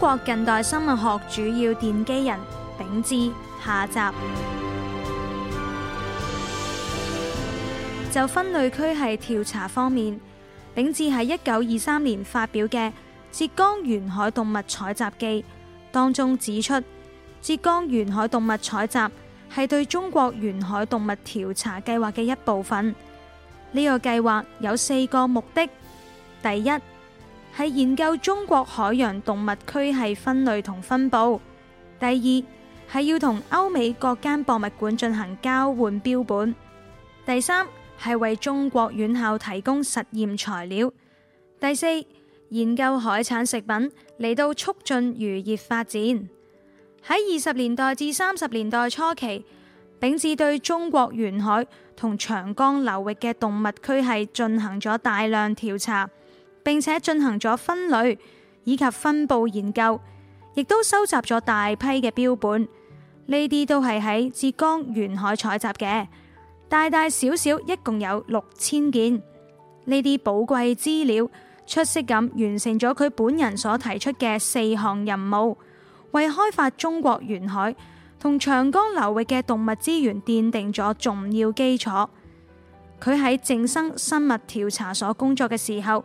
中國近代生物學主要奠基人秉志下集就，分類區系調查方面，秉志喺一九二三年發表嘅《浙江沿海動物採集記》當中指出，浙江沿海動物採集係對中國沿海動物調查計劃嘅一部分。呢個計劃有四個目的，第一。係研究中國海洋動物區系分類同分布。第二，係要同歐美各間博物館進行交換標本。第三，係為中國院校提供實驗材料。第四，研究海產食品嚟到促進漁業發展。喺二十年代至三十年代初期，秉志對中國沿海同長江流域嘅動物區系進行咗大量調查。並且進行咗分類，以及分布研究，亦都收集咗大批嘅標本。呢啲都係喺浙江沿海採集嘅，大大小小一共有六千件。呢啲寶貴資料出色咁完成咗佢本人所提出嘅四項任務，為開發中國沿海同長江流域嘅動物資源奠定咗重要基礎。佢喺靜生生物調查所工作嘅時候，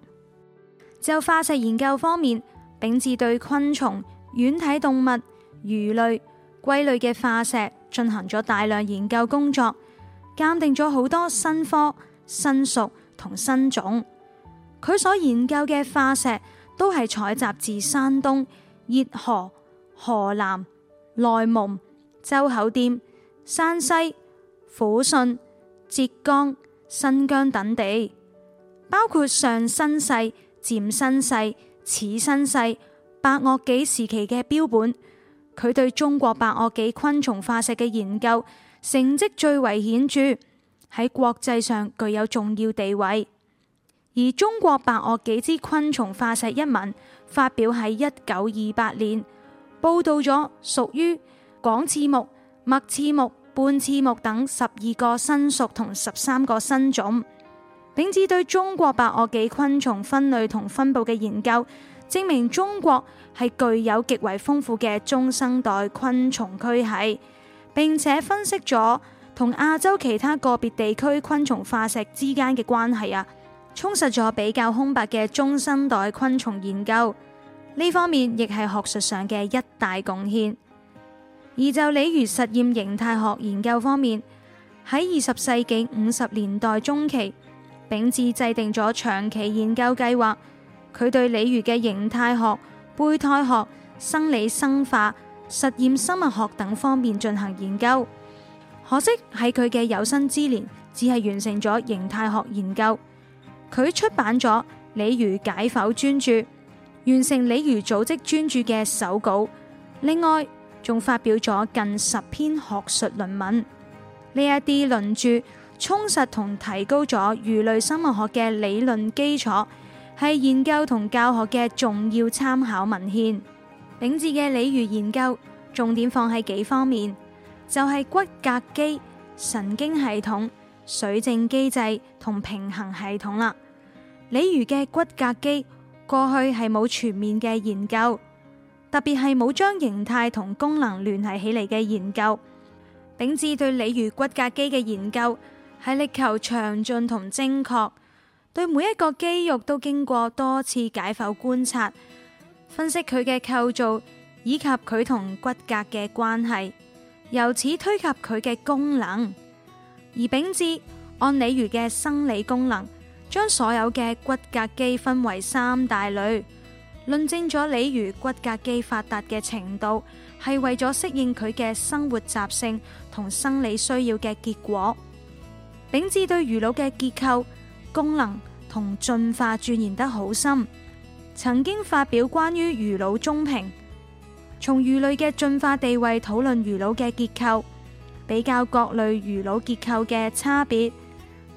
就化石研究方面，秉志對昆蟲、軟體動物、魚類、龜類嘅化石進行咗大量研究工作，鑒定咗好多新科、新屬同新種。佢所研究嘅化石都係採集自山東、熱河、河南、內蒙、周口店、山西、撫順、浙江、新疆等地，包括上新世、漸新世、始新世、白堊紀時期嘅標本，佢對中國白堊紀昆蟲化石嘅研究成績最為顯著，喺國際上具有重要地位。而中國白堊紀之昆蟲化石一文發表喺一九二八年，報道咗屬於廣翅目、脈翅目、半翅目等十二個新屬同十三個新種。秉志對中國白堊紀昆蟲分類同分布嘅研究，證明中國係具有極為豐富嘅中生代昆蟲區系。並且分析咗同亞洲其他個別地區昆蟲化石之間嘅關係啊，充實咗比較空白嘅中生代昆蟲研究呢方面，亦係學術上嘅一大貢獻。而就鯉魚實驗形態學研究方面，喺二十世紀五十年代中期。秉志制定咗長期研究計劃，佢對鯉魚嘅形態學、胚胎學、生理生化、實驗生物學等方面進行研究。可惜喺佢嘅有生之年，只係完成咗形態學研究。佢出版咗《鯉魚解剖專著》，完成《鯉魚組織專著》嘅手稿。另外，仲發表咗近十篇學術論文。呢一啲論著。充實同提高咗魚類生物學嘅理論基礎，係研究同教學嘅重要參考文獻。秉志嘅鯉魚研究重點放喺幾方面，就係骨骼肌、神經系統、水靜機制同平衡系統啦。鯉魚嘅骨骼肌過去係冇全面嘅研究，特別係冇將形態同功能聯繫起嚟嘅研究。秉志對鯉魚骨骼肌嘅研究。係力求詳盡同精確，對每一個肌肉都經過多次解剖觀察，分析佢嘅構造以及佢同骨骼嘅關係，由此推及佢嘅功能。而秉志按鯉魚嘅生理功能，將所有嘅骨骼肌分為三大類，論證咗鯉魚骨骼肌發達嘅程度，係為咗適應佢嘅生活習性同生理需要嘅結果。秉志對魚腦嘅結構、功能同進化鑽研得好深，曾經發表關於魚腦綜評，從魚類嘅進化地位討論魚腦嘅結構，比較各類魚腦結構嘅差別，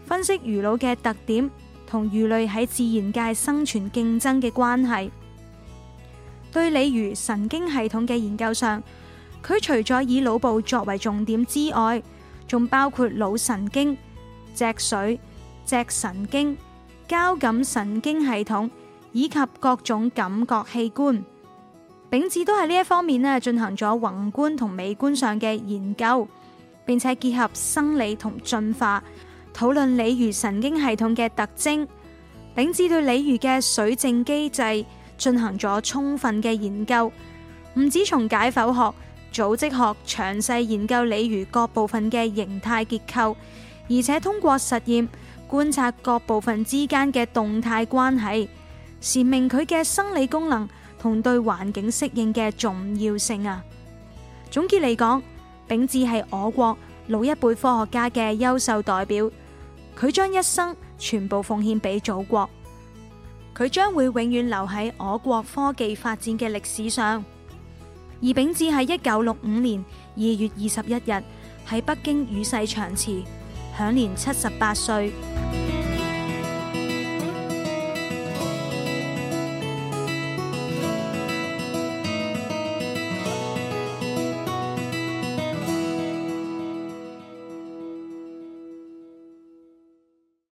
分析魚腦嘅特點同魚類喺自然界生存競爭嘅關係。對鯉魚神經系統嘅研究上，佢除咗以腦部作為重點之外，仲包括腦神經。脊髓、脊神經、交感神經系統以及各種感覺器官，秉志都喺呢一方面咧進行咗宏觀同微觀上嘅研究，並且結合生理同進化討論鯉魚神經系統嘅特徵。秉志對鯉魚嘅水正機制進行咗充分嘅研究，唔止從解剖學、組織學詳細研究鯉魚各部分嘅形態結構。而且通過實驗觀察各部分之間嘅動態關係，闡明佢嘅生理功能同對環境適應嘅重要性啊！總結嚟講，秉志係我國老一輩科學家嘅優秀代表，佢將一生全部奉獻俾祖國，佢將會永遠留喺我國科技發展嘅歷史上。而秉志喺一九六五年二月二十一日喺北京與世長辭。享年七十八歲。